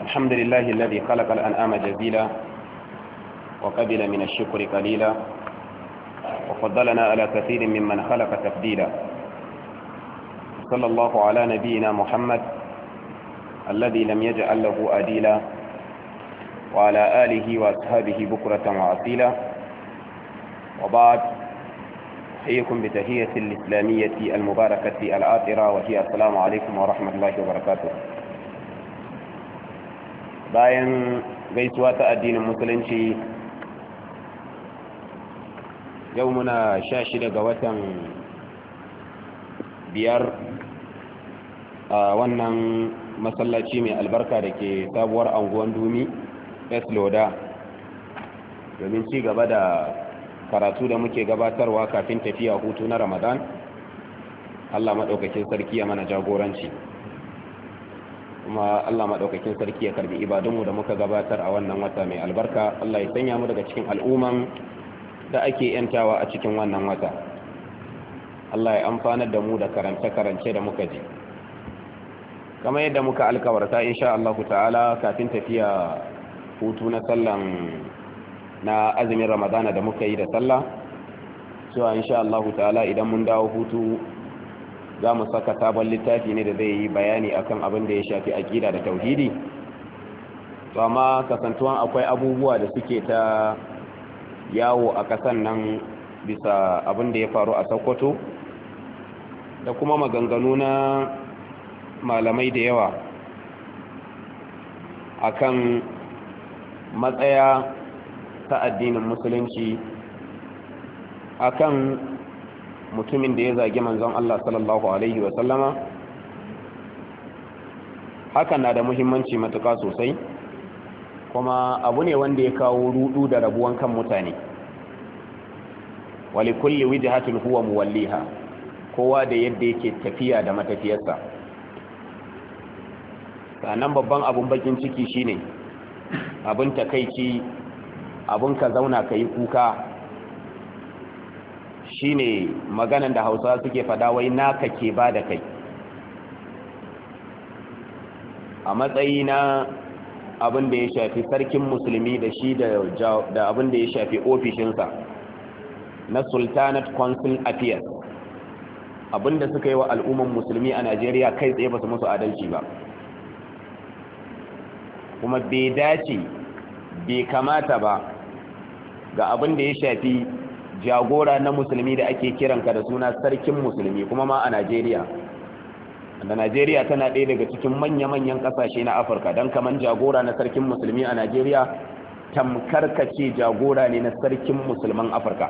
الحمد لله الذي خلق الأنعام جزيلا وقبل من الشكر قليلا وفضلنا على كثير ممن خلق تفضيلا صلى الله على نبينا محمد الذي لم يجعل له أديلا وعلى آله وأصحابه بكرة وعصيلا وبعد أحييكم بتهية الإسلامية المباركة العاطرة وهي السلام عليكم ورحمة الله وبركاته bayan gaisuwa ta addinin musulunci yau muna sha shida ga watan biyar a wannan masallaci mai albarka da ke sabuwar anguwan dumi esloda domin ci gaba da karatu da muke gabatarwa kafin tafiya hutu na ramadan allah maɗaukakin sarki ya mana jagoranci kuma Allah maɗaukakin sarki ya karbi ibadunmu da muka gabatar a wannan wata mai albarka Allah ya sanya mu daga cikin al'umman da ake yantawa a cikin wannan wata Allah ya amfanar da mu da karance-karance da muka ji kamar yadda muka alkawarta insha Allah ta'ala kafin tafiya hutu na sallan na azumin ramadana da muka yi da sallah cewa insha Allah ta'ala idan mun dawo hutu za mu saka sabon littafi ne da zai yi bayani akan abin da ya shafi aƙida da tauhidi to amma kasantuwan akwai abubuwa da suke ta yawo a ƙasan nan bisa abin da ya faru a sokoto da kuma maganganu na malamai da yawa kan matsaya ta addinin musulunci akan mutumin da ya zagi manzon Allah sallallahu alaihi wa sallama hakan na da muhimmanci matuƙa sosai kuma abu ne wanda ya kawo rudu da rabuwan kan mutane wali kulli wijhatin huwa muwalliha kowa da yadda yake tafiya da matafiyarsa sannan babban abun bakin ciki shine abin takeici abin ka zauna ka kuka shine maganan da hausa suke fada wai naka ke ba da kai a matsayi na abin da ya shafi sarkin musulmi da shi da abin da ya shafi ofishinsa na sultanat council affairs abin da suka yi wa al'umman musulmi a najeriya kai tsaye ba su musu adalci ba kuma bai dace bai kamata ba ga abin da ya shafi jagora na musulmi da ake kiranka da suna sarkin musulmi kuma ma a Najeriya da Najeriya tana ɗaya daga cikin manya-manyan ƙasashe na Afirka don kaman jagora na sarkin musulmi a Najeriya tamkar ka ce jagora ne na sarkin musulman Afirka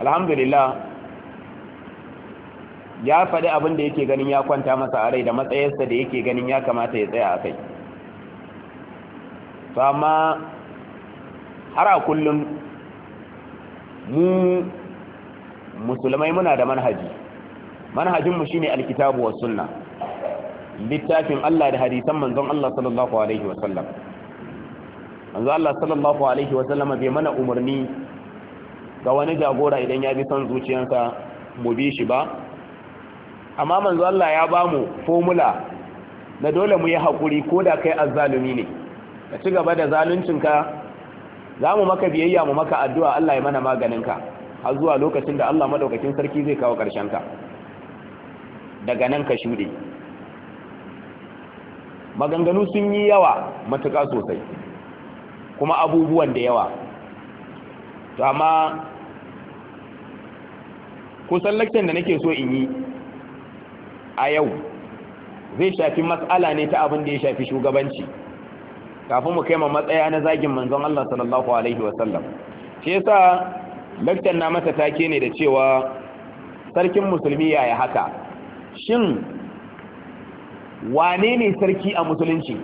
alhamdulillah ya faɗi abin da yake ganin ya kwanta masa a rai da matsayarsa da yake ganin ya kamata ya tsaya a kai amma har a kullum mu musulmai muna da manhaji manhajinmu shine alkitabu was sunna littafin Allah da hadisan manzon Allah sallallahu alaihi wa sallam manzon Allah sallallahu alaihi wa bai mana umarni ga wani jagora idan ya bi son zuciyarsa mu bi shi ba amma manzo Allah ya ba mu formula na dole mu yi hakuri ko da kai azzalumi ne ka ci gaba da zaluncinka za mu maka biyayya mu maka addu'a Allah ya mana ka har zuwa lokacin da Allah madaukakin sarki zai kawo ka. daga nan ka shuɗe maganganu sun yi yawa matuƙa sosai kuma abubuwan da yawa to amma kusan lakcin da nake so in yi a yau zai shafi matsala ne ta abin da ya shafi shugabanci kafin mu kai ma matsaya na zagin manzon Allah sallallahu alaihi wa sallam shi yasa lakcan na masa take ne da cewa sarkin musulmi yaya haka shin wane ne sarki a musulunci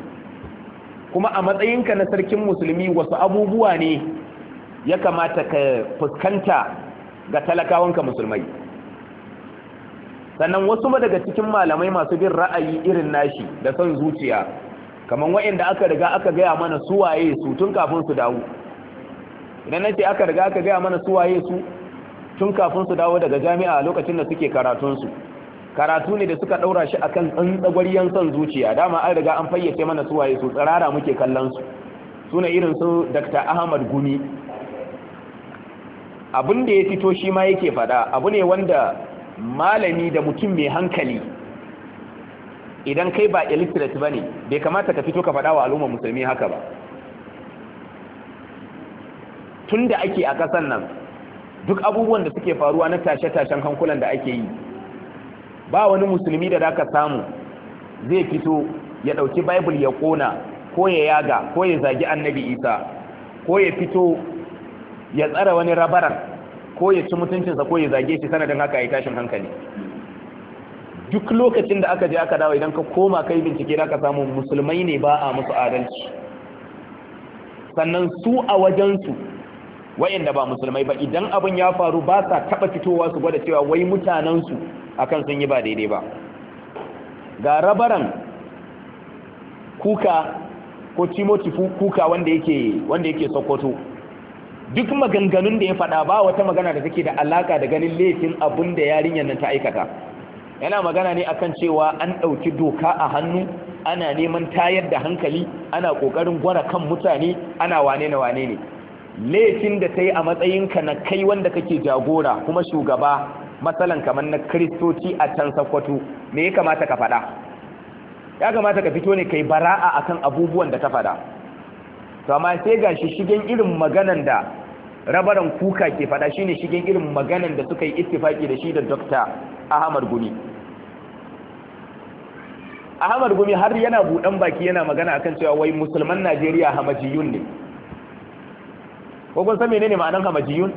kuma a matsayinka na sarkin musulmi wasu abubuwa ne ya kamata ka fuskanta ga talakawanka musulmai sannan wasu ma daga cikin malamai masu bin ra'ayi irin nashi da son zuciya kamar waɗanda aka riga aka gaya mana suwaye su tun kafin su dawo idan nace aka riga aka gaya mana suwaye su tun kafin su dawo daga jami'a lokacin da suke karatunsu karatu ne da suka ɗaura shi akan tsantsagwaryen son zuciya dama an riga an fayyace mana suwaye su tsirara muke kallon su suna irin su dr ahmad gumi abin da ya fito shi ma yake faɗa abu ne wanda malami da mutum mai hankali idan kai ba illiterate bane bai kamata ka fito ka faɗa wa al'ummar musulmi haka ba tunda ake a ƙasar nan duk abubuwan da suke faruwa na tashe-tashen hankulan da ake yi ba wani musulmi da zaka samu zai fito ya ɗauki bible ya kona ko ya yaga ko ya zagi annabi isa ko ya fito ya tsara wani rabaran ko ya ci mutuncinsa ko ya zage shi sanadin haka ya tashin hankali duk lokacin da aka je aka dawo idan ka koma kai bincike da ka samu musulmai ne ba a musu adalci sannan su a wajensu wayanda ba musulmai ba idan abin ya faru ba sa taɓa fitowa su gwada cewa wai mutanensu akan sun yi ba daidai ba ga rabaran kuka ko timoti kuka wanda yake wanda yake sokoto duk maganganun da ya faɗa ba wata magana da take da alaka da ganin laifin abin da yarinyar nan ta aikata yana magana ne akan cewa an ɗauki doka a hannu ana neman tayar da hankali ana ƙoƙarin gwara kan mutane ana wane na wane ne laifin da ta yi a matsayinka na kai wanda kake jagora kuma shugaba matsalan kamar na kiristoci a can sakwato me ya kamata ka faɗa ya kamata ka fito ne kai bara'a akan abubuwan da ta faɗa to amma sai shi shigen irin maganan da rabaran kuka ke faɗa shine shigen irin maganan da suka yi ittifaki da shi da dokta ahmad gumi ahmad gumi har yana buɗan baki yana magana akan cewa wai musulman najeriya hamajiyun ne ko kun san menene ma'anar hamajiyun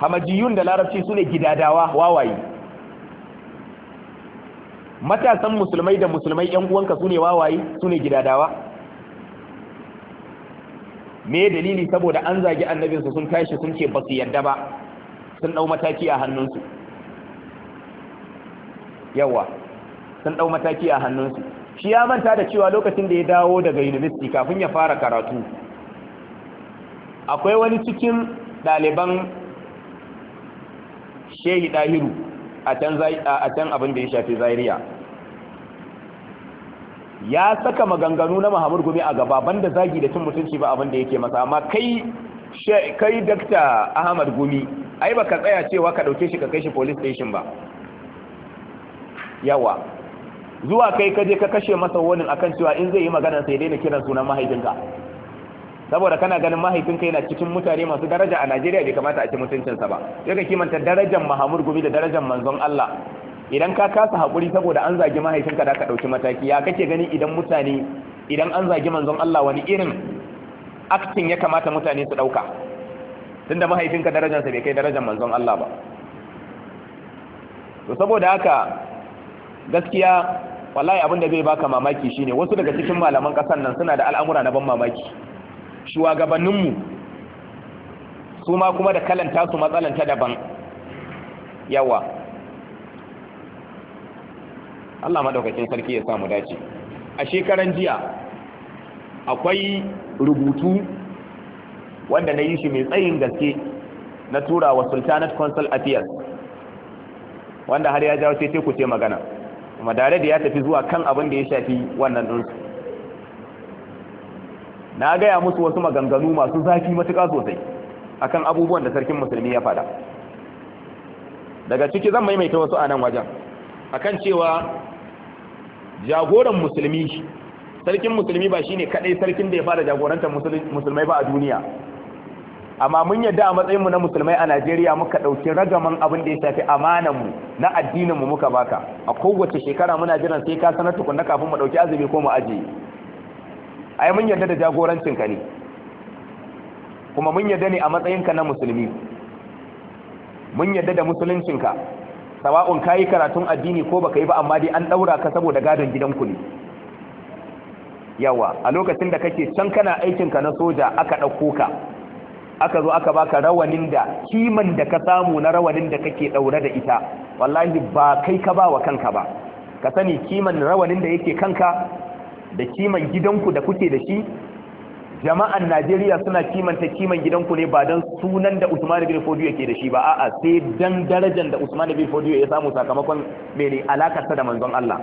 hamajiyun da larabci su ne gidadawa wawaye matasan musulmai da musulmai yan uwanka sune wawaye su ne gidadawa me dalili saboda an zagi annabinsu sun tashi sun ce ba su yadda ba sun ɗau mataki a hannunsu yawa sun dau mataki a hannunsu shi ya manta da cewa lokacin da ya dawo daga university kafin ya fara karatu akwai wani cikin ɗaliban shehi ɗahiru a can abin da ya shafi zairiya ya saka maganganu na mahamud gumi a gaba banda zagi da cin mutunci ba abin da yake masa amma kai kai dakta ahmad gumi ai baka tsaya cewa ka dauke shi ka kai shi police station ba yawa zuwa kai kaje ka kashe masa wani akan cewa in zai yi magana sai daina kiran sunan mahaifinka saboda kana ganin mahaifinka yana cikin mutane masu daraja a Najeriya bai kamata a ci sa ba sai ka kimanta darajar Muhammad Gumi da darajar manzon Allah idan ka kasa hakuri saboda an zagi mahaifinka da ka dauki mataki ya kake gani idan mutane idan an zagi manzon Allah wani irin acting ya kamata mutane su dauka tunda mahaifinka darajarsa bai kai darajar manzon Allah ba to saboda haka gaskiya wallahi abin da zai baka mamaki shine wasu daga cikin malaman kasan nan suna da al'amura na ban mamaki mu su ma kuma da kalanta su matsalanta daban yawa Allah madaukakin sarki ya samu dace a shekaran jiya akwai rubutu wanda na yi shi mai tsayin gaske na turawa wa sultanate council affairs wanda har ya jawo sai ku ce magana kuma dare da ya tafi zuwa kan abin da ya shafi wannan ɗinsu na gaya musu wasu maganganu masu zafi matuƙa sosai akan abubuwan da sarkin musulmi ya fada daga ciki zan maimaita wasu a nan wajen kan cewa jagoran musulmi sarkin musulmi ba shi ne kaɗai sarkin da ya fara jagorantar musulmai ba a duniya amma mun yadda a matsayin mu na musulmai a Najeriya muka ɗauki ragaman abin da ya shafi amanan mu na addinin mu muka baka a kowace shekara muna jiran sai ka sanar tukunna kafin mu dauki azumi ko mu aje ai mun yadda da jagorancin ka ne kuma mun yadda ne a matsayin ka na musulmi mun yadda da musuluncin ka sawa'un kayi karatun addini ko baka yi ba amma dai an daura ka saboda gadon gidanku ne yawa a lokacin da kake can kana aikin ka na soja aka ɗauko ka aka zo aka baka rawanin da kiman da ka samu na rawanin da kake daure da ita wallahi ba kai ka ba wa kanka ba ka sani kiman rawanin da yake kanka da kiman gidanku da kuke da shi jama'an Najeriya suna kimanta kiman gidanku ne ba dan sunan da Usman bin Fodu yake da shi ba a'a sai dan darajar da Usman bin Fodu ya samu sakamakon mene sa da manzon Allah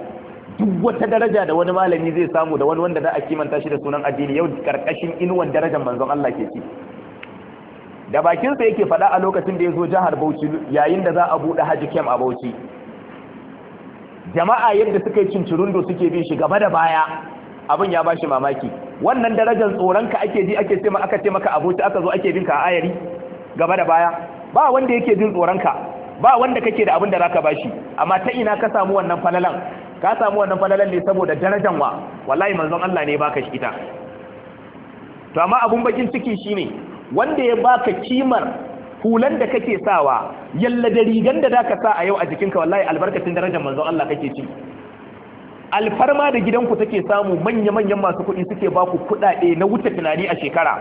duk wata daraja da wani malami zai samu da wani wanda za a kimanta shi da sunan addini yau karkashin inuwan darajar manzon Allah ke ci da bakinsa yake faɗa a lokacin da ya zo jihar bauchi yayin da za a buɗe haji kem a bauchi jama'a yadda suka yi cincirundo suke bin shi gaba da baya abin ya bashi mamaki wannan darajar tsoronka ake ji ake ce aka ce maka abuci aka zo ake bin ka a ayari gaba da baya ba wanda yake jin tsoronka ba wanda kake da abin da zaka bashi amma ta ina ka samu wannan falalan ka samu wannan falalan ne saboda darajar wa wallahi manzon Allah ne baka shi ita to amma abun bakin ciki shine wanda ya baka kimar hulan da kake sawa yalla da rigan da zaka sa a yau a jikinka wallahi albarkacin darajar manzon Allah kake ci alfarma da gidanku take samu manya-manyan masu kuɗi suke baku kuɗaɗe na wuce tunani a shekara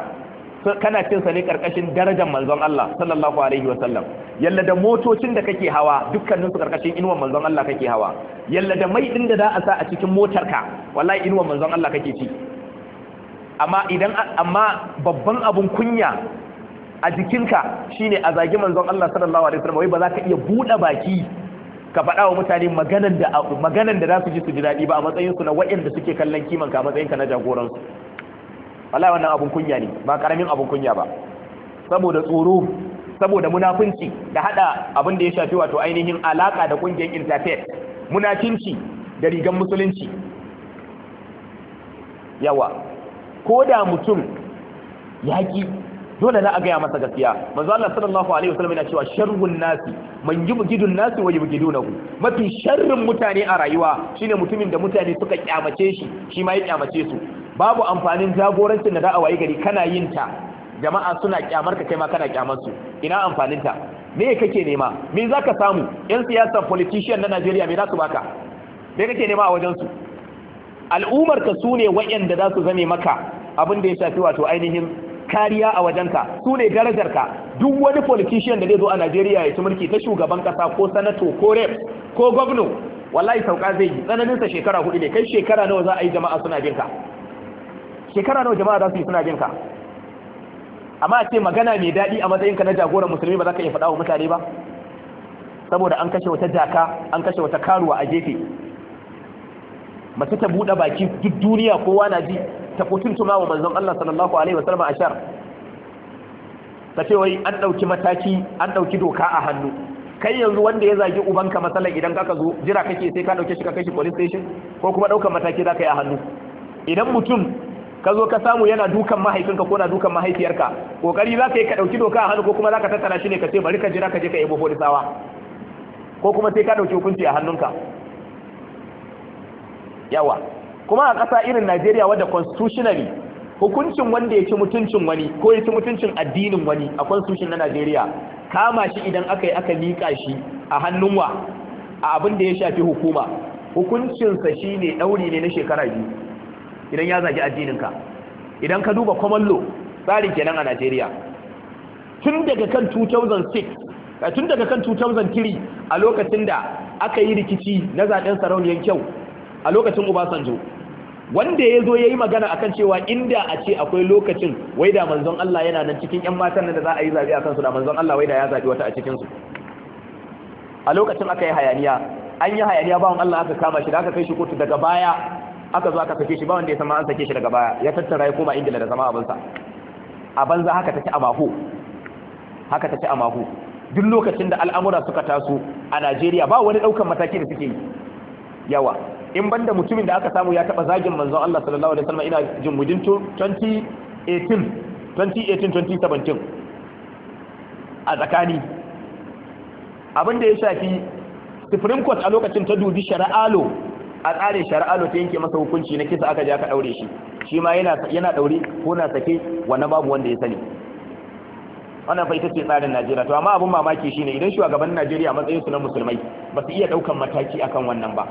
kana cin sa ne karkashin darajar manzon Allah sallallahu alaihi wa sallam yalla da motocin da kake hawa dukkanin su karkashin inuwar manzon Allah kake hawa yalla da mai din da za a sa a cikin motarka wallahi inuwar manzon Allah kake ci amma idan amma babban abun kunya a jikinka shine a zagi manzon Allah sallallahu alaihi wasallam wai ba za ka iya buɗe baki ka faɗa wa mutane maganan da maganar da za su ji su ji daɗi ba a matsayin su na waɗanda suke kallon kiman ka matsayin ka na jagoran su wallahi wannan abun kunya ne ba karamin abun kunya ba saboda tsoro saboda munafunci da hada abin da ya shafi wato ainihin alaka da kungiyar interfaith munafinci da rigan musulunci yawa ko da mutum yaƙi dole na a gaya masa gaskiya manzo Allah sallallahu alaihi wasallam yana cewa sharrun nasi man yubghidun nasi wa yubghidunahu mafi sharrin mutane a rayuwa shine mutumin da mutane suka kyamace shi shi ma ya kyamace su babu amfanin jagorancin da za a gari kana yin ta jama'a suna kyamar ka kai ma kana kyamar su ina amfanin ta me kake nema me zaka samu yan siyasa politician na Najeriya me za su baka me kake nema a wajen su al'ummar ka ne waɗanda za su zame maka abin da ya shafi wato ainihin kariya a wajenka su ne darajarka duk wani politician da zai zo a Najeriya ya ci mulki ta shugaban kasa ko sanato ko rep ko gwamno wallahi sauka zai yi tsananin sa shekara hudu ne kai shekara nawa za a yi jama'a suna bin ka shekara nawa jama'a za su yi suna bin ka amma a ce magana mai daɗi a matsayin ka na jagoran musulmi ba za ka iya faɗa wa mutane ba saboda an kashe wata jaka an kashe wata karuwa a gefe mace ta buɗe baki duk duniya kowa na ji ta kutuntuma wa manzon Allah sallallahu alaihi wasallam ashar ta ce wai an ɗauki mataki an ɗauki doka a hannu kai yanzu wanda ya zagi ubanka matsalar idan kaka zo jira kake sai ka dauke shi ka kai shi police station ko kuma dauka mataki za ka yi a hannu idan mutum ka zo ka samu yana dukan mahaifinka ko na dukan mahaifiyarka kokari za ka yi ka ɗauki doka a hannu ko kuma za ka tattara shi ne ka ce bari ka jira ka je ka yabo polisawa ko kuma sai ka ɗauki hukunci a hannunka yawa kuma a ƙasa irin Najeriya wadda constitutionally hukuncin wanda ya ci mutuncin wani ko ya ci mutuncin addinin wani a constitution na Najeriya kama shi idan aka yi aka liƙa shi a hannun wa a abin da ya shafi hukuma hukuncinsa shi ne ɗauri ne na shekara biyu idan ya zagi addininka idan ka duba common law tsarin kenan a Najeriya tun daga kan 2006 eh, tun daga kan 2003 a lokacin da aka yi rikici na zaɓen sarauniyar kyau a lokacin Obasanjo wanda ya zo ya yi magana akan cewa inda a ce akwai lokacin wai da manzon Allah yana nan cikin ‘yan matan da za a yi zaɓe a kansu da manzon Allah wai da ya zaɓi wata a cikinsu a lokacin aka yi hayaniya an yi hayaniya bawan Allah aka kama shi da aka kai shi kotu daga baya aka zo aka sake shi ba wanda ya sama an sake shi daga baya ya tattara ya koma ingila da zama abinsa a banza haka take a mahu haka take a mahu duk lokacin da al'amura suka taso a najeriya ba wani ɗaukan mataki da suke yi yawa in banda mutumin da aka samu ya taba zagin manzon Allah sallallahu alaihi wasallam ina jin within 2018 2018 2017 a tsakani abin da ya shafi supreme court a lokacin ta dubi shari'alo a tsarin shari'alo ta yanke masa hukunci na kisa aka je aka daure shi shi ma yana yana daure ko na sake wani babu wanda ya sani wannan fa ita ce tsarin Najeriya to amma abin mamaki shi ne idan shugaban Najeriya matsayinsu na musulmai ba su iya ɗaukan mataki akan wannan ba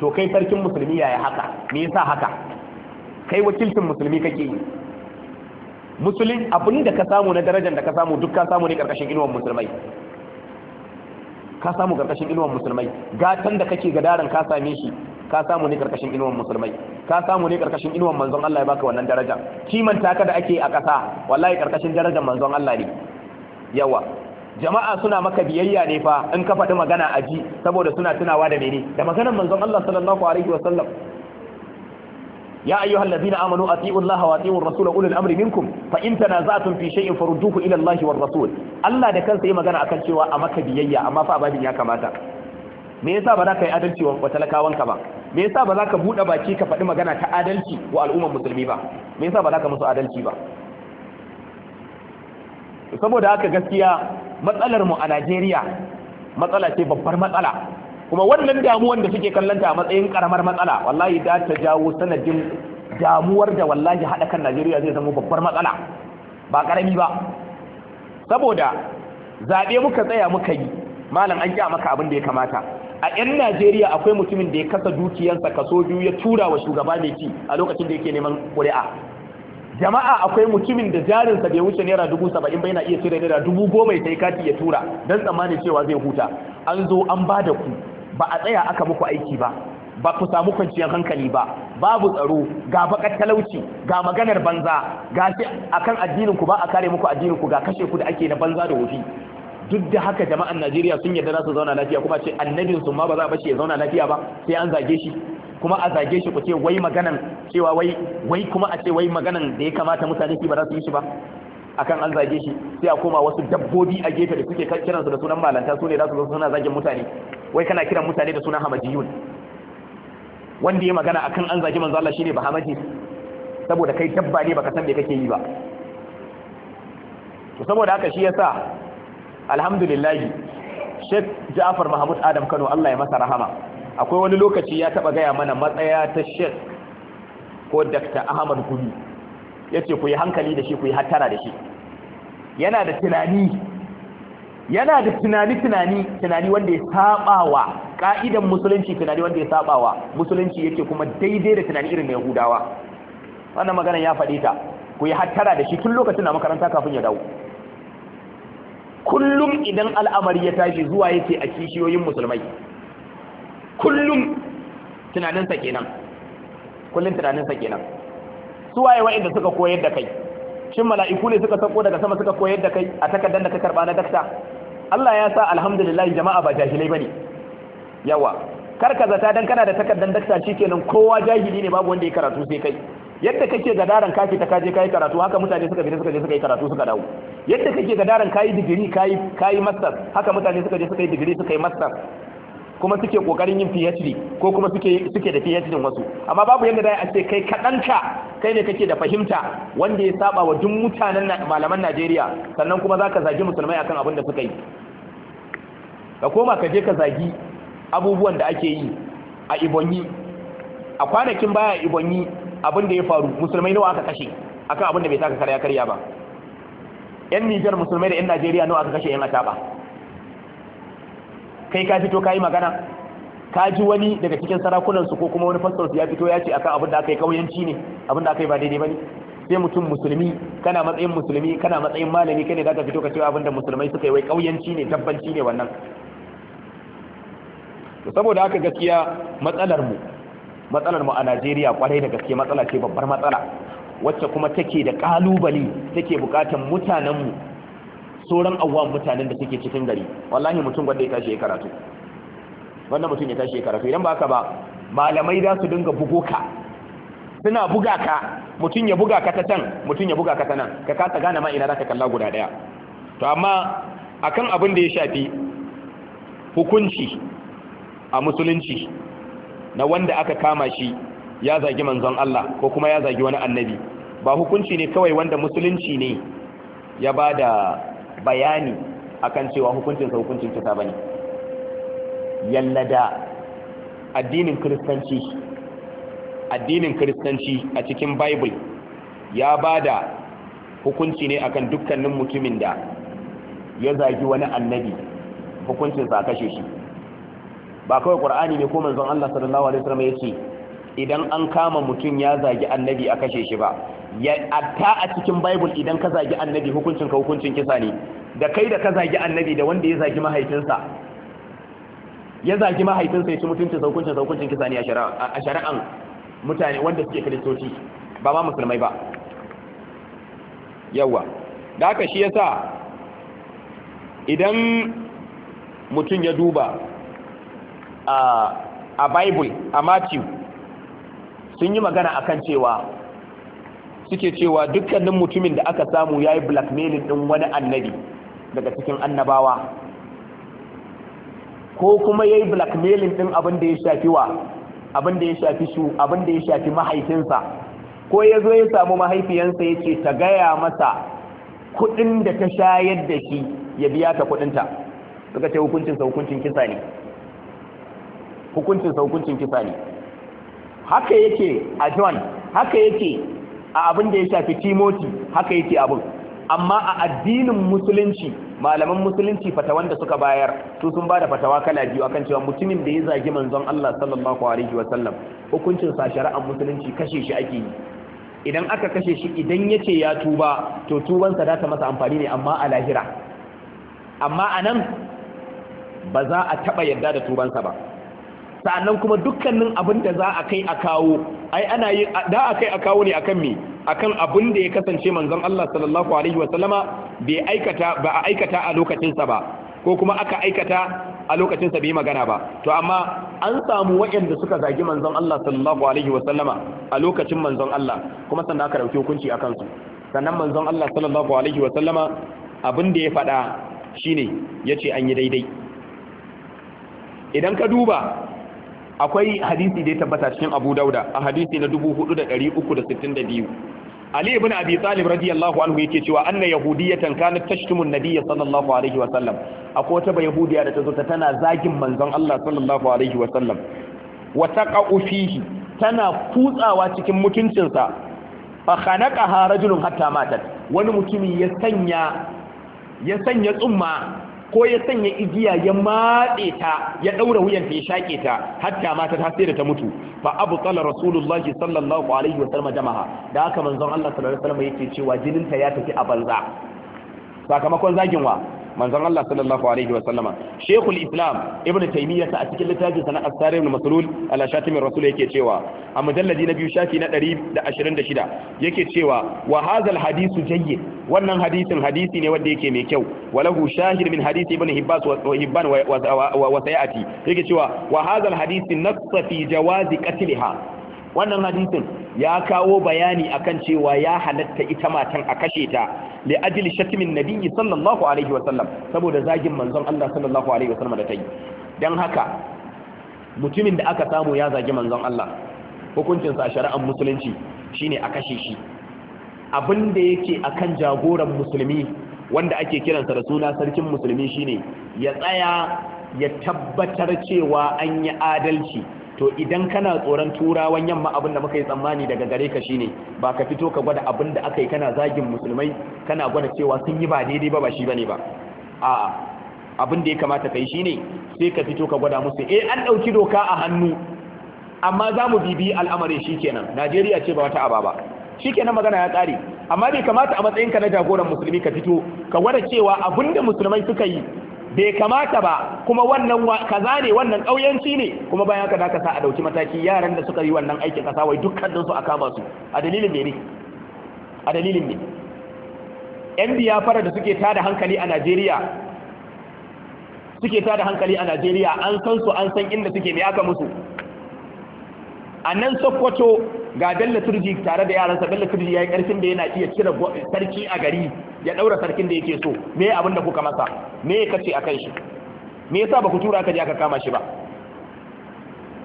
to kai sarkin musulmi yaya haka me yasa haka kai wakilcin musulmi kake yi musulun abin da ka samu na darajar da ka samu duk ka samu ne karkashin inuwan musulmai ka samu karkashin inuwan musulmai gatan da kake gadaran ka same shi ka samu ne karkashin inuwan musulmai ka samu ne karkashin inuwan manzon Allah ya baka wannan daraja kimanta ka da ake a ƙasa wallahi karkashin darajar manzon Allah ne yawa jama'a suna maka biyayya ne fa in ka faɗi magana a ji saboda suna tunawa da mene da maganar manzon Allah sallallahu alaihi wa sallam ya ayyuhal ladina amanu atiiu Allah wa atiiu ar-rasul ulul amri minkum fa in tanaza'tum fi shay'in farudduhu ila Allah wa rasul Allah da kansa yi magana akan cewa a maka biyayya amma fa babin ya kamata me yasa ba za ka yi adalci wa talakawanka ba me yasa ba za ka buɗe baki ka faɗi magana ta adalci wa al'ummar musulmi ba me yasa ba za ka musu adalci ba saboda haka gaskiya matsalar mu a Najeriya matsala ce babbar matsala kuma wannan damuwar da suke kallanta a matsayin karamar matsala wallahi da ta jawo sanadin damuwar da wallahi hada kan Najeriya zai zama babbar matsala ba karami ba saboda zaɓe muka tsaya muka yi malam an kya maka abin da ya kamata a yan Najeriya akwai mutumin da ya kasa dukiyarsa kaso biyu ya tura wa shugaba mai ci a lokacin da yake neman ƙuri'a jama'a akwai mutumin da jarinsa bai wuce naira dubu saba'in bai na iya cire naira dubu goma ya sai kati ya tura don tsammanin cewa zai huta an zo an ba da ku ba a tsaya aka muku aiki ba ba ku samu kwanciyar hankali ba babu tsaro ga bakar talauci ga maganar banza ga shi akan addinin ku ba a kare muku addinin ga kashe ku da ake na banza da wofi duk da haka jama'an Najeriya sun yarda za su zauna lafiya kuma ce annabin su ma ba za a bace ya zauna lafiya ba sai an zage shi kuma a zage shi ku ce wai maganan cewa wai wai kuma a ce wai maganan da ya kamata mutane shi ba za su yi shi ba akan an zage shi sai a koma wasu dabbobi a gefe da suke kiran su da sunan malanta su ne za su zo suna zagin mutane wai kana kiran mutane da sunan hamadiyun wanda ya magana akan an zage manzo Allah shine ba saboda kai dabba ne baka san me kake yi ba to saboda haka shi yasa alhamdulillah Sheikh Ja'far Mahmud Adam Kano Allah ya masa rahama akwai wani lokaci ya taba gaya mana matsaya ta shek ko dr ahmad gumi ya ce ku yi hankali da shi ku yi hattara da shi yana da tunani yana da tunani-tunani tunani wanda ya sabawa ka'idan musulunci tunani wanda ya sabawa musulunci yake kuma daidai da tunani irin na yahudawa wannan magana ya faɗi ta ku yi hattara da shi tun lokacin na makaranta kafin ya dawo kullum idan al'amari ya tashi zuwa yake a kishiyoyin musulmai kullum tunaninsa kenan kullum tunaninsa kenan su waye inda suka koyar da kai shin mala'iku ne suka sako daga sama suka koyar da kai a takardar da ka karba na dakta Allah ya sa alhamdulillah jama'a ba jahilai bane yawa kar ka zata dan kana da takardar dakta shikenan kowa jahili ne babu wanda ya karatu sai kai yadda kake ga daren kafi ta kaje kai karatu haka mutane suka bi suka je suka yi karatu suka dawo yadda kake ga daren kayi digiri kayi kai master haka mutane suka je suka yi digiri suka yi master kuma suke kokarin yin PhD ko kuma suke suke da PhD wasu amma babu yanda dai a ce kai kadanka kai ne kake da fahimta wanda ya saba wa duk mutanen malaman Najeriya sannan kuma zaka zagi musulmai akan abin da suka yi ka koma ka je ka zagi abubuwan da ake yi a Ibonyi a kwanakin baya Ibonyi abin da ya faru musulmai nawa aka kashe akan abin da bai saka karya karya ba yan Nijar musulmai da yan Najeriya nawa aka kashe yan ataba kai ka fito ka yi magana ka ji wani daga cikin sarakunansu ko kuma wani su ya fito ya ce akan abin da aka yi kauyanci ne abin da aka yi ba daidai ba ne sai mutum musulmi kana matsayin musulmi kana matsayin malami kai ne za fito ka ce abin da musulmai suka yi wai kauyanci ne tabbanci ne wannan to saboda haka gaskiya matsalar mu matsalar mu a Najeriya kwarai da gaske matsala ce babbar matsala wacce kuma take da kalubale take bukatan mu sauran awwam mutanen da suke cikin gari wallahi mutum wanda ya tashi ya karatu wannan mutum ya tashi ya karatu idan ba haka ba malamai za su dinga bugo ka suna buga ka mutum ya buga ka ta can mutum ya buga ka ta nan ka kasa gane ma ina za ka kalla guda ɗaya to amma akan abin da ya shafi hukunci a musulunci na wanda aka kama shi ya zagi manzon Allah ko kuma ya zagi wani annabi ba hukunci ne kawai wanda musulunci ne ya ba da bayani akan cewa hukuncinsa hukuncin kisa bane yallada addinin kristanci addinin kristanci a cikin bible ya bada hukunci ne akan dukkanin mutumin da ya zagi wani annabi hukuncinsa a kashe shi ba kawai qur'ani ne ko manzon Allah sallallahu alaihi wasallam yace idan an kama mutum ya zagi annabi a kashe shi ba ya atta a cikin bible idan ka zagi annabi hukuncin ka hukuncin kisa ne da kai da ka zagi annabi da wanda ya zagi mahaifinsa ya zagi mahaifinsa ya ci mutuncin hukuncin hukuncin kisa ne a shari'an mutane wanda suke kristoci ba ma musulmai ba yawa da haka shi yasa idan mutum ya duba a bible a matthew sun yi magana akan cewa suke cewa dukkanin mutumin da aka samu ya yi blackmailing ɗin wani annabi daga cikin annabawa ko kuma ya yi blackmailing ɗin abin da ya shafi wa abin da ya shafi su abin da ya shafi mahaifinsa ko ya zo ya samu mahaifiyansa ya ce ta gaya masa kuɗin da ta shayar da shi ya biya ta kuɗinta suka ce hukuncinsa hukuncin kisa ne haka yake a John haka yake a abin da ya shafi Timothy haka yake abin amma a addinin musulunci malaman musulunci fatawan da suka bayar su sun bada fatawa kala biyu akan cewa mutumin da ya zagi manzon Allah sallallahu alaihi wa sallam hukuncin sa shari'an musulunci kashe shi ake yi idan aka kashe shi idan yace ya tuba to tuban sa ta masa amfani ne amma a lahira amma anan ba za a taba yarda da tuban sa ba sannan kuma dukkanin abin da za a kai a kawo ai ana yi da a kai a kawo ne akan me akan abin da ya kasance manzon Allah sallallahu alaihi wasallama bai aikata ba a aikata a lokacin sa ba ko kuma aka aikata a lokacin sa bai magana ba to amma an samu waɗanda suka zagi manzon Allah sallallahu alaihi wasallama a lokacin manzon Allah kuma sannan aka dauki hukunci akan su sannan manzon Allah sallallahu alaihi wasallama abin da ya faɗa shine yace an yi daidai idan ka duba akwai hadisi da ya tabbata cikin Abu Dauda a hadisi na 4362 Ali ibn Abi Talib radiyallahu anhu yake cewa anna yahudiyatan kanat tashtumu an-nabiy sallallahu alaihi wa sallam akwai wata ba yahudiya da tazo ta tana zagin manzon Allah sallallahu alaihi wa sallam wa taqa'u fihi tana kutsawa cikin mutuncinsa fa khanaqaha rajulun hatta matat wani mutumi ya sanya ya sanya tsumma ko ya sanya igiya ya matse ta ya daura wuyan ta ya shake ta hatta mata ta tsere da ta mutu fa abu tsala rasulullah sallallahu alaihi wasallam jama'a da haka manzon Allah sallallahu alaihi wasallam yake cewa jinin ta ya tafi a banza sakamakon zagin wa manzon Allah sallallahu alaihi wa sallama shekul islam ibn taymiyyah a cikin littafin sana asar ibn maslul ala shatim rasul yake cewa a mujalladi na biyu shafi na 126 yake cewa wa hadha alhadithu jayyid wannan hadisin hadisi ne wanda yake mai kyau walahu shahid min hadisi ibn hibbas wa hibban wa sayati yake cewa wa hadha alhadith nassa fi jawazi qatliha wannan hadisin ya kawo bayani akan cewa ya halatta ita matan a kashe ta li ajli shatmin nabiyyi sallallahu alaihi wa sallam saboda zagin manzon Allah sallallahu alaihi wa sallam da tayi dan haka mutumin da aka samu ya zagi manzon Allah hukuncin sa a shari'ar musulunci shine a kashe shi abin da yake akan jagoran musulmi wanda ake kiransa da suna sarkin musulmi shine ya tsaya ya tabbatar cewa an yi adalci to idan kana tsoron turawan yamma abin da muka yi tsammani daga gare ka shine ba ka fito ka gwada abin da aka yi kana zagin musulmai kana gwada cewa sun yi ba daidai ba ba shi bane ba a abin da ya kamata kai shine sai ka fito ka gwada musu eh an dauki doka a hannu amma za mu bibi al'amari shikenan Najeriya ce ba wata aba ba shikenan magana ya tsare amma bai kamata a matsayin ka na jagoran musulmi ka fito ka gwada cewa abin da musulmai suka yi bai kamata ba kuma wannan kaza ne wannan ƙauyanci ne kuma bayan haka zaka sa a dauki mataki yaran da suka yi wannan aikin kasa wai dukkan su a kama su a dalilin ne a dalilin ne yan biya da suke tada hankali a Najeriya suke tada hankali a Najeriya an san su an san inda suke me aka musu a nan Sokoto ga bello turji tare da yaransa bello turji ya yi karfin da yana iya cire sarki a gari ya daura sarkin da yake so me abin da kuka masa me ya kace a kan shi me yasa ba ku tura ka je aka kama shi ba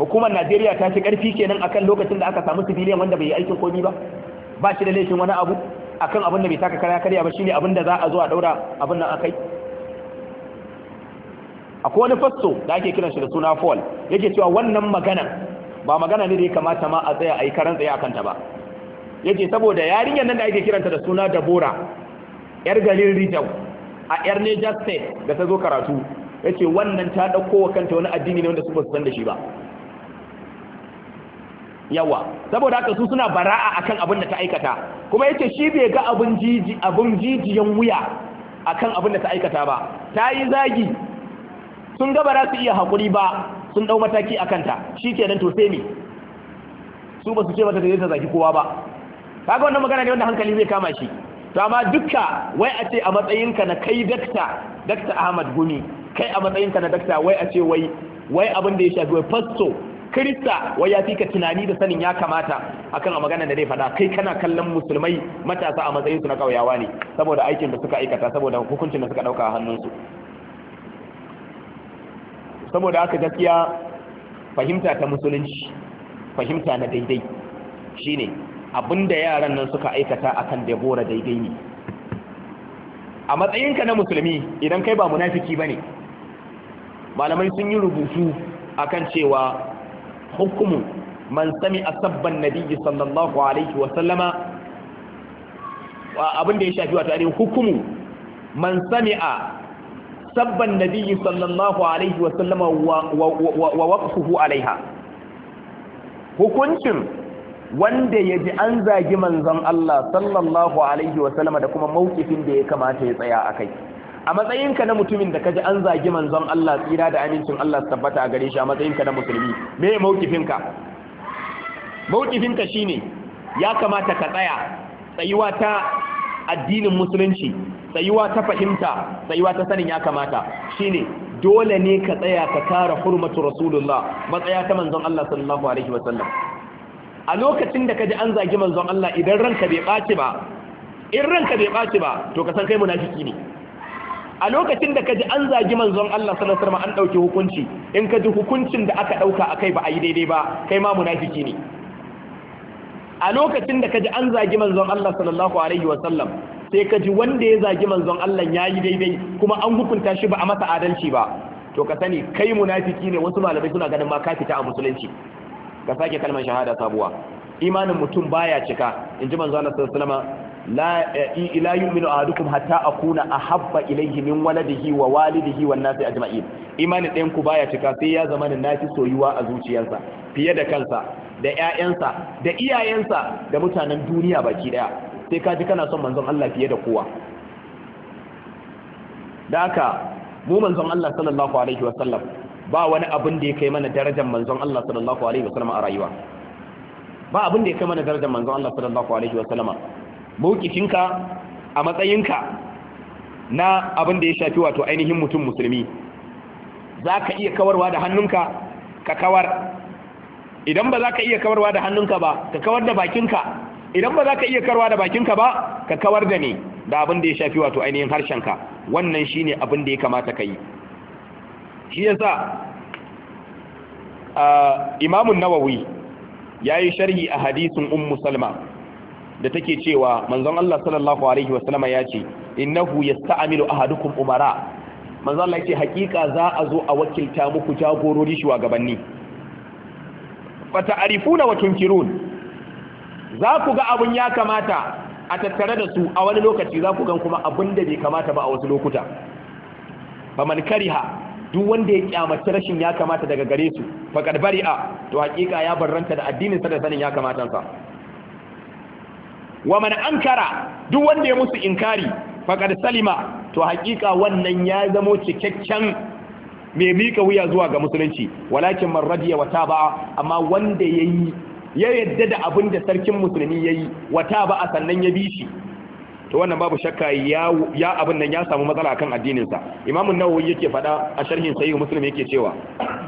hukumar najeriya ta fi karfi kenan akan lokacin da aka samu civilian wanda bai yi aikin komi ba ba shi da laifin wani abu akan abin da bai taka karya karya ba shine abin da za a zo a daura abin nan akai akwai wani fasto da ake kiran shi da suna fall yake cewa wannan magana ba magana ne da ya kamata ma a tsaya a yi karan tsaye a kanta ba yake saboda yarinyar nan da ake kiranta da suna Dabora yar garin Rijau a yar Niger State da ta zo karatu yace wannan ta ɗauko wa kanta wani addini ne wanda su ba su san da shi ba yawa saboda haka su suna bara'a akan abin da ta aikata kuma yace shi bai ga abin jiji abin jijiyan wuya akan abin da ta aikata ba ta yi zagi sun gaba ba za su iya haƙuri ba sun dau mataki a kanta shi kenan to sai me su ba su ce mata da ta zaki kowa ba ga wannan magana ne wanda hankali zai kama shi to amma dukka wai a ce a matsayinka na kai dakta dakta Ahmad Gumi kai a matsayinka na dakta wai a ce wai wai abin da ya shafi wai fasto Kirista wai ya fi ka tunani da sanin ya kamata akan a magana da zai faɗa kai kana kallon musulmai matasa a matsayinsu na ƙauyawa ne saboda aikin da suka aikata saboda hukuncin da suka ɗauka a hannunsu saboda aka gaskiya fahimta ta musulunci fahimta na daidai shine abinda yaran nan suka aikata akan Debora daidai ne a matsayinka na musulmi idan kai ba munafiki ne. malamai sun yi rubutu akan cewa hukumu man sami asabban nabiyyi sallallahu alaihi wa sallama abin da ya shafi wa tare hukumu man sami a. sabban nabiyyi sallallahu alaihi wa sallama wa waqfuhu alaiha hukuncin wanda ya ji an zagi manzon Allah sallallahu alaihi wa sallama da kuma mawqifin da ya kamata ya tsaya akai a matsayinka na mutumin da kaji an zagi manzon Allah tsira da amincin Allah tabbata a gare shi a matsayinka na musulmi me mawqifinka mawqifinka shine ya kamata ka tsaya tsayuwa ta addinin musulunci tsayuwa ta fahimta tsayuwa ta sanin ya kamata shine dole ne ka tsaya ka kare hurmatu rasulullah matsaya ta manzon Allah sallallahu alaihi wasallam a lokacin da kaji an zagi manzon Allah idan ranka bai ɓaci ba in ranka bai ɓaci ba to ka san kai munafiki ne a lokacin da kaji an zagi manzon Allah sallallahu alaihi wasallam an dauki hukunci in ka ji hukuncin da aka dauka akai ba a yi daidai ba kai ma munafiki ne a lokacin da kaji an zagi manzon Allah sallallahu alaihi wa sallam sai kaji wanda ya zagi manzon Allah yayi daidai kuma an hukunta shi ba a masa adalci ba to ka sani kai munafiki ne wasu malamai suna ganin ma ka fita a musulunci ka sake kalmar shahada sabuwa imanin mutum baya cika inji manzo Allah sallallahu alaihi wa sallama لا لا يؤمن احدكم حتى اكون احب اليه من ولده ووالده والناس اجمعين imanin ɗayan ku baya cika sai ya zama na nafi soyuwa a zuciyarsa fiye da kansa da ƴaƴansa da iyayensa da mutanen duniya baki daya sai ka ji kana son manzon Allah fiye da kowa da haka mu manzon Allah sallallahu alaihi wasallam ba wani abin da ya kai mana darajar manzon Allah sallallahu alaihi wasallam a rayuwa ba abin da ya kai mana darajar manzon Allah sallallahu alaihi wasallam mawkicinka a matsayinka na abin da ya shafi wato ainihin mutum musulmi za ka iya kawarwa da hannunka ka kawar idan ba za ka iya kawarwa da hannunka ba ka kawar da bakinka idan ba za ka iya karwa da bakinka ba ka kawar da ne da abin da ya shafi wato ainihin harshenka wannan shi ne abin da ya kamata ka yi shi ya sa imamun nawawi ya yi sharhi a hadisin ummu salma da take cewa manzon Allah sallallahu alaihi wasallama ya ce innahu yasta'milu ahadukum umara manzon Allah ya ce hakika za a zo a wakilta muku jagorori shugabanni fata'arifuna wa tunkirun za ku ga abun ya kamata a tattare da su a wani lokaci za ku gan kuma abun da bai kamata ba a wasu lokuta Ba kari kariha duk wanda ya kyamaci rashin ya kamata daga gare su faqad bari'a to hakika ya barranta da addinin sa da sanin ya kamata sa wa man ankara duk wanda ya musu inkari faqad salima to hakika wannan ya zamo cikakken mai mika wuya zuwa ga musulunci walakin man radiya wa taba'a amma wanda yayi ya yadda da abin da sarkin musulmi yayi wa taba'a sannan ya bi shi to wannan babu shakka ya ya abin nan ya samu matsala kan addinin sa imamu nawawi yake fada a sharhin Sahih Muslim yake cewa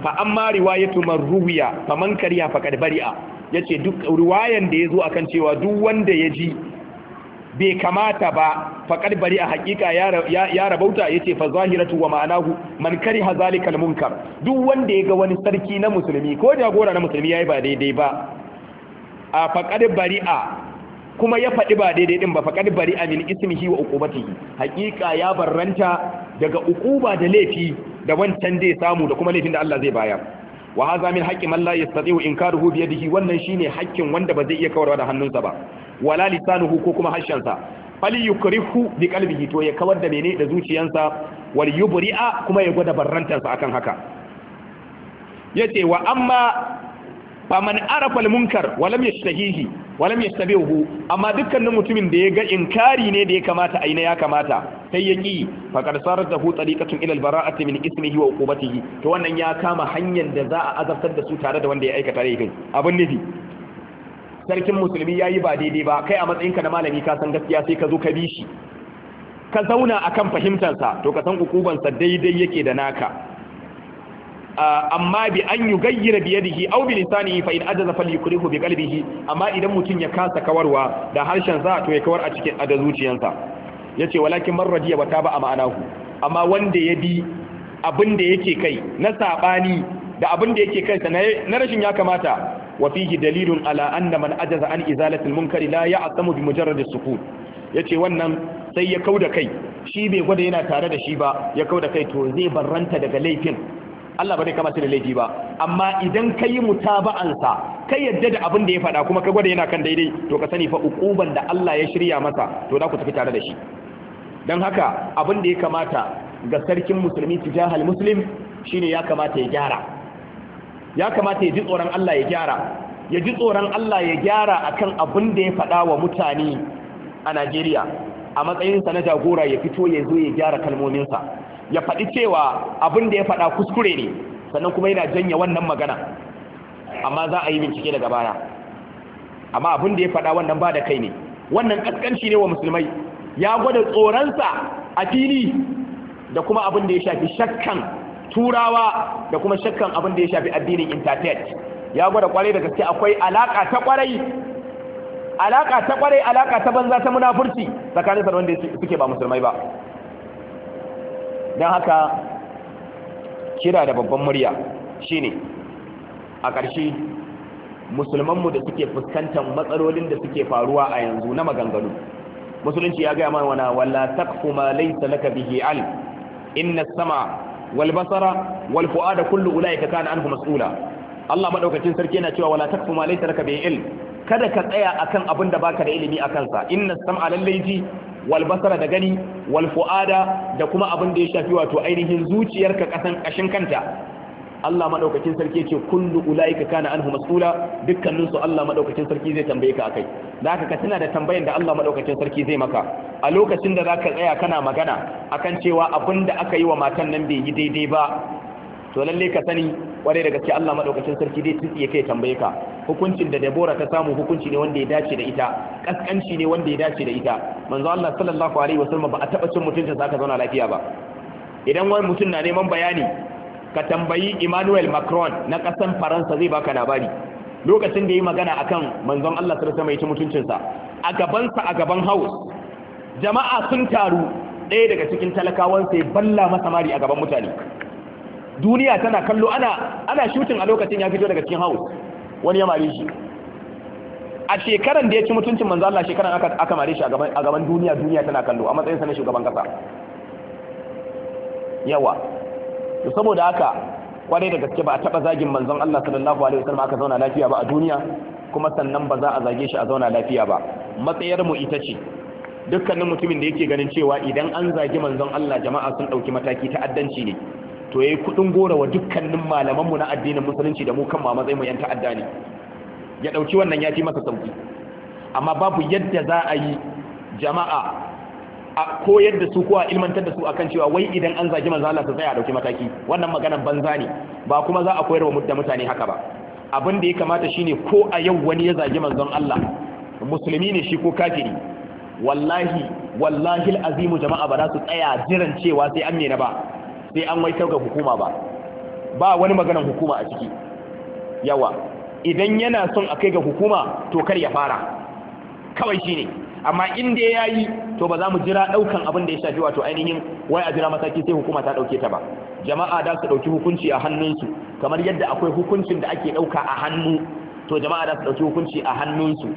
fa amma riwayatu man ruwiya faman kariya kad bari'a yace duk riwayan da yazo akan cewa duk wanda ya ji bai kamata ba faƙar bari a haƙiƙa ya rabauta ya ce fa zahiratu wa ma'anahu man kari hazalikal munkar duk wanda ya ga wani sarki na musulmi ko jagora na musulmi ya yi ba daidai ba a faƙar bari a kuma ya faɗi ba daidai ɗin ba faƙar bari a min ismihi wa uqubatihi haƙiƙa ya barranta daga uquba da laifi da wancan zai samu da kuma laifin da Allah zai bayar wa haza min haqqi man la yastati'u inkaruhu bi yadihi wannan shine haƙƙin wanda ba zai iya kawarwa da hannunsa ba wala lisanuhu ko kuma harshensa fali yukrihu bi qalbihi to ya kawar da mene da zuciyarsa wal yubri'a kuma ya gwada barrantarsa akan haka yace wa amma Ba man arafa almunkar wa lam yashtahihi yastabihu amma dukkanin mutumin da ya ga inkari ne da ya kamata aina ya kamata sai ya ki fa qad saratahu tariqatun ila albara'ati min ismihi wa uqubatihi to wannan ya kama hanyar da za a azabtar da su tare da wanda ya aikata laifin abin nufi sarkin musulmi ya yi ba daidai ba kai a matsayinka na malami ka san gaskiya sai ka zo ka bi shi ka zauna akan fahimtarsa to ka san ukubansa daidai yake da naka amma bi an yi gayyira biye da shi au bi lisani fa in ajaza fal yukrihu bi qalbihi amma idan mutun ya kasa kawarwa da harshen sa to ya kawar a cikin ada zuciyarsa yace walakin man radiya wa taba ma'anahu amma wanda ya bi abin da yake kai na sabani da abin da yake kai na rashin ya kamata wa fihi dalilun ala anna man ajaza an izalatil munkari la ya'tamu bi mujarrad as-sukut yace wannan sai ya kauda kai shi bai gwada yana tare da shi ba ya kauda kai to zai barranta daga laifin Allah ba zai kama da laifi ba amma idan ka yi mutaba'ansa ka yadda da abin da ya faɗa kuma ka gwada yana kan daidai to ka sani fa uquban da Allah ya shirya masa to za ku tafi tare da shi dan haka abin da ya kamata ga sarkin musulmi tijahal muslim shine ya kamata ya gyara ya kamata ya ji tsoron Allah ya gyara ya ji tsoron Allah ya gyara akan abin da ya faɗa wa mutane a Najeriya a matsayinsa na jagora ya fito ya zo ya gyara kalmominsa ya faɗi cewa abin da ya faɗa kuskure ne sannan kuma yana janya wannan magana amma za a yi bincike daga baya amma abin da ya faɗa wannan ba da kai ne wannan ƙasƙanci ne wa musulmai ya gwada tsoronsa a fili da kuma abin da ya shafi shakkan turawa da kuma shakkan abin da ya shafi addinin internet ya gwada kwarai da gaske akwai alaka ta kwarai alaka ta kwarai alaka ta banza ta munafurci tsakanin da wanda suke ba musulmai ba don haka kira da babban murya shine a ƙarshe musulmanmu da suke fuskantar matsalolin da suke faruwa a yanzu na maganganu musulunci ya gaya mana wana wala taqfu ma laysa laka bihi al inna sama wal basara wal fuada kullu ulaika kana anhu mas'ula Allah madaukakin sarki yana cewa wala taqfu ma laysa laka bihi kada ka tsaya akan abin da baka da ilimi akan sa inna sam'a lallai ji walbasara da gani walfu'ada, da kuma abin da ya shafi wato ainihin zuciyarka kasan kashin kanta Allah madaukakin sarki yace kullu ulaika kana anhu mas'ula dukkanin su Allah madaukakin sarki zai tambaye ka akai da haka ka tana da tambayan da Allah madaukakin sarki zai maka a lokacin da zaka tsaya kana magana akan cewa abin da aka yi wa matan nan bai yi daidai ba to lalle ka sani kwarai da gaske Allah madaukakin sarki dai tutsi ya kai tambaye ka hukuncin da Debora ta samu hukunci ne wanda ya dace da ita kaskanci ne wanda ya dace da ita manzo Allah sallallahu alaihi wasallam ba a taba cin mutunta zaka zauna lafiya ba idan wani mutum na neman bayani ka tambayi Emmanuel Macron na kasan Faransa zai baka labari lokacin da yi magana akan manzon Allah sallallahu alaihi wasallam ya ci mutuncinsa a gabansa a gaban house jama'a sun taru ɗaya daga cikin talakawansa ya balla masa mari a gaban mutane duniya tana kallo ana ana shooting a lokacin ya fito daga cikin Haus, wani ya mare shi a shekaran da ya ci mutuncin manzo Allah shekaran aka aka mare shi a gaban a gaban duniya duniya tana kallo a matsayin sa na shugaban kasa yawa to saboda haka kwarai da gaske ba a taba zagin manzon Allah sallallahu alaihi wasallam aka zauna lafiya ba a duniya kuma sannan ba za a zage shi a zauna lafiya ba matsayar mu ita ce dukkanin mutumin da yake ganin cewa idan an zagi manzon Allah jama'a sun dauki mataki ta'addanci ne to ya yi kudin gora wa dukkanin malamanmu mu na addinin musulunci da mu kan ma matsayin mu yan ta'adda ne ya dauki wannan ya fi masa sauki amma babu yadda za a yi jama'a a koyar da su ko a ilmantar da su akan cewa wai idan an zagi manzo Allah su tsaya dauki mataki wannan maganar banza ne ba kuma za a koyar wa da mutane haka ba abin da ya kamata shine ko a yau wani ya zagi manzon Allah musulmi ne shi ko kafiri wallahi wallahi alazimu jama'a ba za su tsaya jiran cewa sai an ne na ba sai an mai tauka hukuma ba ba wani maganan hukuma a ciki yawa idan yana son a kai ga hukuma to kar ya fara kawai shine amma in dai yi, to ba za mu jira ɗaukan abin da ya shafi wato ainihin wai a jira mataki sai hukuma ta dauke ta ba jama'a da su dauki hukunci a hannunsu kamar yadda akwai hukuncin da ake dauka a hannu to jama'a da su dauki hukunci a hannunsu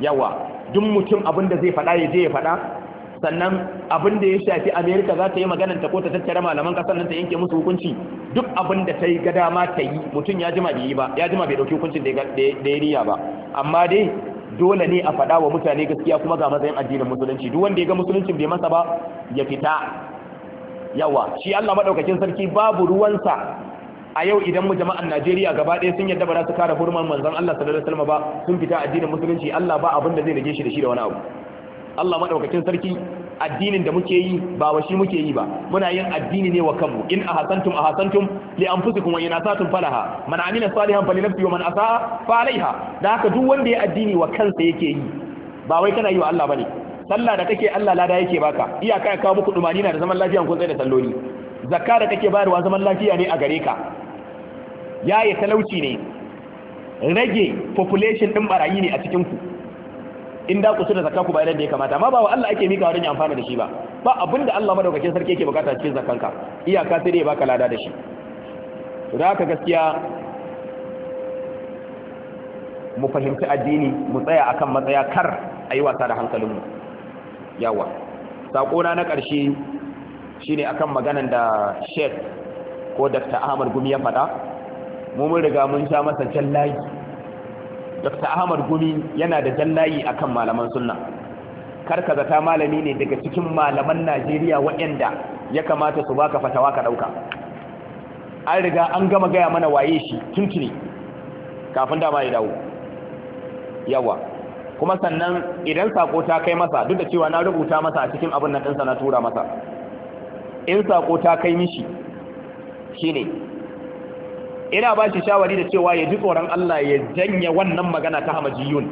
yawa duk mutum abin da zai faɗa ya je ya faɗa sannan abin da ya shafi amerika za ta yi maganar ta ko ta tattara malaman kasar nan ta yanke musu hukunci duk abin da ta yi ga dama ta yi mutum ya jima bai yi ba ya jima bai dauki hukuncin da ya riya ba amma dai dole ne a faɗa wa mutane gaskiya kuma ga matsayin addinin musulunci duk wanda ya ga musuluncin bai masa ba ya fita yawa shi Allah madaukakin sarki babu ruwansa a yau idan mu jama'an Najeriya gaba ɗaya sun yadda ba za su kare hurman manzon Allah sallallahu alaihi wasallam ba sun fita addinin musulunci Allah ba abin da zai rage shi da shi da wani abu Allah madaukakin sarki addinin da muke yi ba wa shi muke yi ba muna yin addini ne wa kanmu in ahsantum ahsantum li anfusikum wa in asatum falaha man amila salihan falinafsihi wa man asaa fa alaiha da haka duk wanda ya addini wa kansa yake yi ba wai kana yi wa Allah bane sallah da kake Allah lada yake baka iyaka ya kawo muku dumani na da zaman lafiya ko tsaye da salloli zakka da kake bayarwa zaman lafiya ne a gare ka yaye talauci ne rage population din barayi ne a cikin ku in da ku cire zakka ku bayar da ya kamata amma ba wa Allah ake mika wa ya amfana da shi ba ba abinda Allah madaukakin sarki yake bukata cikin zakkanka iyaka sai dai baka lada da shi da haka gaskiya mu fahimci addini mu tsaya akan matsaya kar ayi wasa da hankalinmu yawa sakona na ƙarshe shine akan maganan da Sheikh ko Dr. Ahmad Gumi ya faɗa mu mun riga mun sha masa jallayi dr ahmad gumi yana da jallayi akan malaman sunna karka zata malami ne daga cikin malaman najeriya waɗanda ya kamata su baka fatawa ka ɗauka an riga an gama gaya mana waye shi tuntuni kafin dama ya dawo yawa kuma sannan idan sako ta kai masa duk da cewa na rubuta masa a cikin abin na ɗinsa na tura masa in sako ta kai mishi shi ne. ina ba shi shawari da cewa ya ji tsoron Allah ya janye wannan magana ta hamajiyun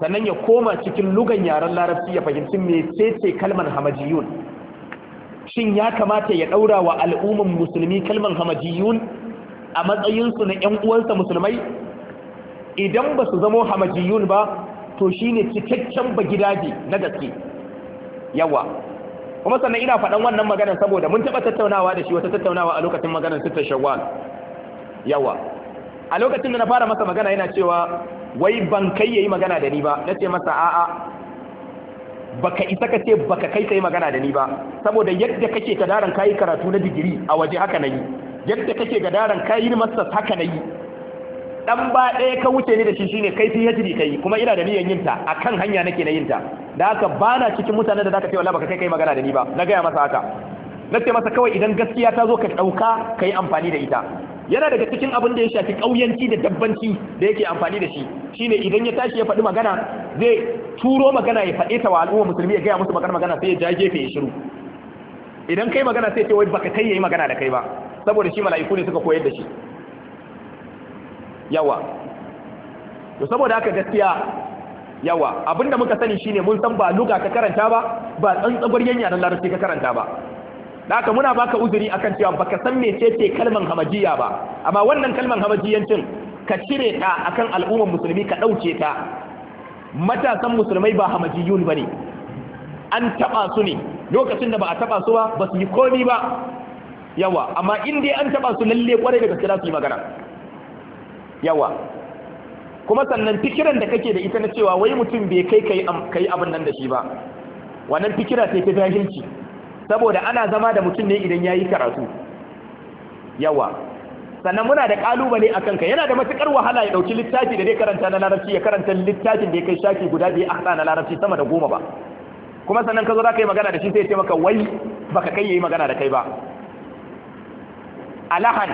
sannan ya koma cikin lugan yaren larabci ya fahimci ce kalmar hamajiyun shin ya kamata ya daura wa al'umman musulmi kalmar hamajiyun a matsayinsu na ‘yan uwansa musulmai idan ba su zamo hamajiyun ba to shi ne cikakken ne na gaske yawa kuma sannan ina faɗan wannan maganar saboda mun taɓa tattaunawa da shi wata tattaunawa a lokacin maganar sittar shawwal yawa a lokacin da na fara masa magana yana cewa wai ban kai yayi magana da ni ba Na ce masa a'a baka isa ka ce baka kai kai magana da ni ba saboda yadda kake gadaran kayi karatu na digiri a waje haka nayi yadda kake gadaran kayi masters haka nayi dan ba ɗaya ka wuce ni da shi shine kai ka kai kuma ina da niyan yinta akan hanya nake na yinta da haka bana cikin mutanen da zaka ce wallahi baka kai kai magana da ni ba na gaya masa haka Na ce masa kawai idan gaskiya ta zo ka dauka kai amfani da ita yana daga cikin abin da ya shafi ƙauyanci da dabbanci da yake amfani da shi ne idan ya tashi ya faɗi magana zai turo magana ya faɗi ta wa al'umma musulmi ya gaya musu magana magana sai ya ja gefe ya shiru idan kai magana sai ce wai baka kai yayi magana da kai ba saboda shi mala'iku ne suka koyar da shi yawa to saboda haka gaskiya yawa abinda muka sani shine mun san ba luka ka karanta ba ba tsantsabar yanya na larabci ka karanta ba da haka muna baka uzuri akan cewa baka san mecece kalman hamajiya ba amma wannan kalman hamajiyancin ka cire ta akan al'ummar musulmi ka ɗauke ta matasan musulmai ba hamajiyun ba ne an taɓa su ne lokacin da ba a taɓa su ba ba su yi komi ba yawa amma in dai an taɓa su lalle kwarai daga gaske su yi magana yawa kuma sannan fikiran da kake da ita na cewa wai mutum bai kai kai abin nan da shi ba wannan fikira sai ta jahilci saboda ana zama da mutum ne idan ya yi karatu yawa sannan muna da kalubale a kanka yana da matukar wahala ya dauki littafi da dai karanta na larabci ya karanta littafin da ya kai shafi guda biyu a hada na larabci sama da goma ba kuma sannan ka zo za ka yi magana da shi sai ce maka wai baka kai yayi magana da kai ba alahan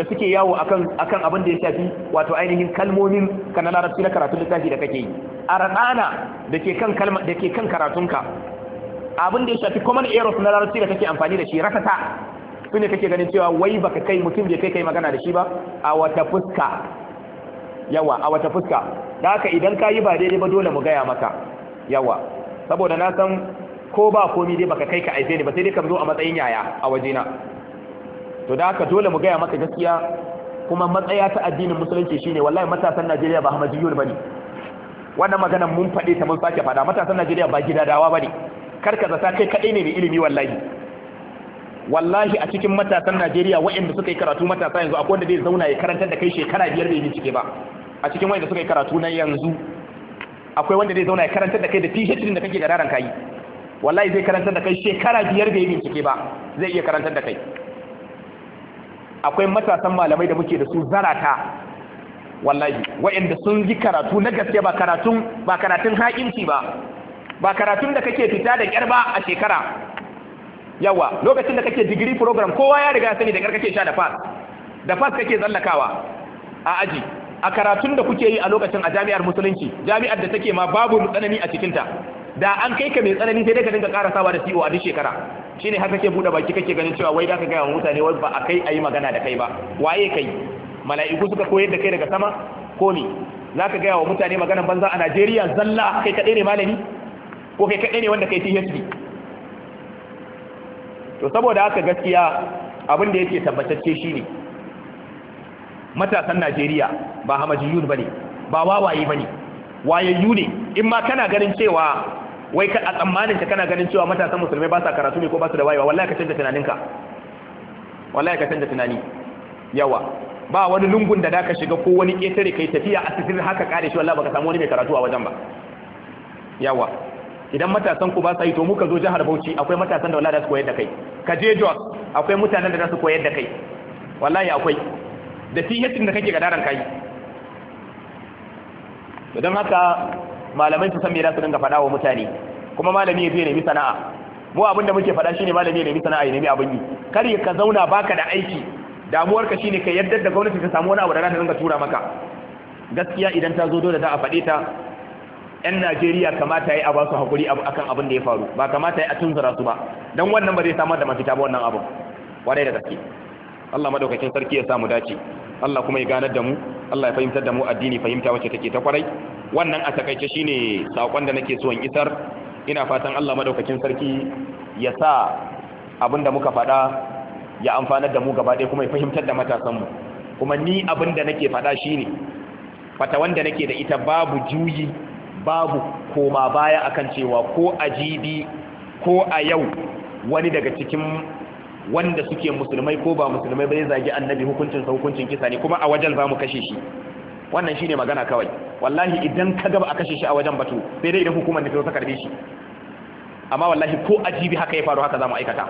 da suke yawo akan akan abin da ya shafi wato ainihin kalmomin ka na larabci na karatun littafi da kake yi a da ke kan kalma da ke kan karatunka abin da ya shafi common errors na larabci da kake amfani da shi rakata su ne kake ganin cewa wai baka kai mutum ya kai kai magana da shi ba a wata fuska yawa a wata fuska da haka idan ka yi ba daidai ba dole mu gaya maka yawa saboda na san ko ba komi dai baka kai ka aife ni ba sai dai ka zo a matsayin yaya a wajena to da haka dole mu gaya maka gaskiya kuma matsaya ta addinin musulunci shine wallahi matasan Najeriya ba Ahmadiyyu bane wannan maganar mun faɗe ta mun sake faɗa matasan Najeriya ba gidadawa bane karka zata kai kadai ne mai ilimi wallahi wallahi a cikin matasan Najeriya waɗanda suka yi karatu matasa yanzu akwai wanda zai zauna ya karantar da kai shekara biyar bai bincike ba a cikin waɗanda suka yi karatu na yanzu akwai wanda zai zauna ya karantar da kai da PhD da kake da raran kai wallahi zai karantar da kai shekara biyar bai bincike ba zai iya karantar da kai akwai matasan malamai da muke da su zarata wallahi waɗanda sun yi karatu na gaske ba karatun ba karatun haƙinci ba ba karatun da kake fita da kyar ba a shekara yawa lokacin da kake digiri program kowa ya riga sani da kyar kake sha da fas da fas kake tsallakawa a aji a karatun da kuke yi a lokacin a jami'ar musulunci jami'ar da take ma babu tsanani a cikinta da an kai ka mai tsanani sai dai ka dinga karasawa da ciwo a duk shekara shine har kake buɗe baki kake ganin cewa wai da ka gaya wa mutane wai ba a kai ayi magana da kai ba waye kai mala'iku suka koyar da kai daga sama ko ni za ka gaya wa mutane maganar banza a Najeriya zalla kai kaɗai ne malami ko kai kaɗai ne wanda kai phd to saboda haka gaskiya abin da yake tabbatacce shi ne matasan najeriya ba yun ba ne ba wawaye ba ne wayayyu ne in ma kana ganin cewa wai ka a tsammanin ka kana ganin cewa matasan musulmai ba sa karatu ne ko ba su da wayewa wallahi ka canza tunaninka wallahi ka canza tunani yawa ba wani lungun da zaka shiga ko wani ketare kai tafiya a sisirin haka kare shi wallahi baka samu wani mai karatu a wajen ba yawa idan matasan ku ba sa yi to muka zo jihar Bauchi akwai matasan da wallahi da su koyar da kai ka je Jos akwai mutanen da za su koyar da kai wallahi akwai da tiyatin da kake gadaran kai to don haka malamai su san me za su dinga fada wa mutane kuma malami ya je nemi sana'a mu abinda muke faɗa shine malami ya nemi sana'a ya nemi abin yi kar ka zauna baka da aiki damuwarka shine ka yadda da gwamnati ta samu wani abu da za ta dinga tura maka gaskiya idan ta zo dole za a faɗe ta 'yan Najeriya kamata ya yi a ba su haƙuri akan abin da ya faru ba kamata ya a tunzura su ba don wannan ba zai samar da mafita ba wannan abin warai da gaske Allah madaukakin sarki ya samu dace Allah kuma ya ganar da mu Allah ya fahimtar da mu addini fahimta wacce take ta kwarai wannan a takaice shine sakon da nake so in isar ina fatan Allah madaukakin sarki ya sa abin da muka faɗa ya amfanar da mu gaba ɗaya kuma ya fahimtar da matasan mu kuma ni abin da nake faɗa shine fata wanda nake da ita babu juyi babu koma baya akan cewa ko a jibi ko a yau wani daga cikin wanda suke musulmai ko ba musulmai bai zagi annabi hukuncin sa hukuncin kisa ne kuma a wajen za mu kashe shi wannan shine magana kawai wallahi idan ka gaba a kashe shi a wajen batu sai dai idan hukumar ne ta karbe shi amma wallahi ko a jibi haka ya faru haka za mu aikata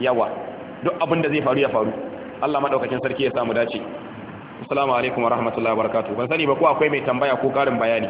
yawa duk abin da zai faru ya faru Allah madaukakin sarki ya samu dace assalamu alaikum wa rahmatullahi wa ban sani ba ko akwai mai tambaya ko karin bayani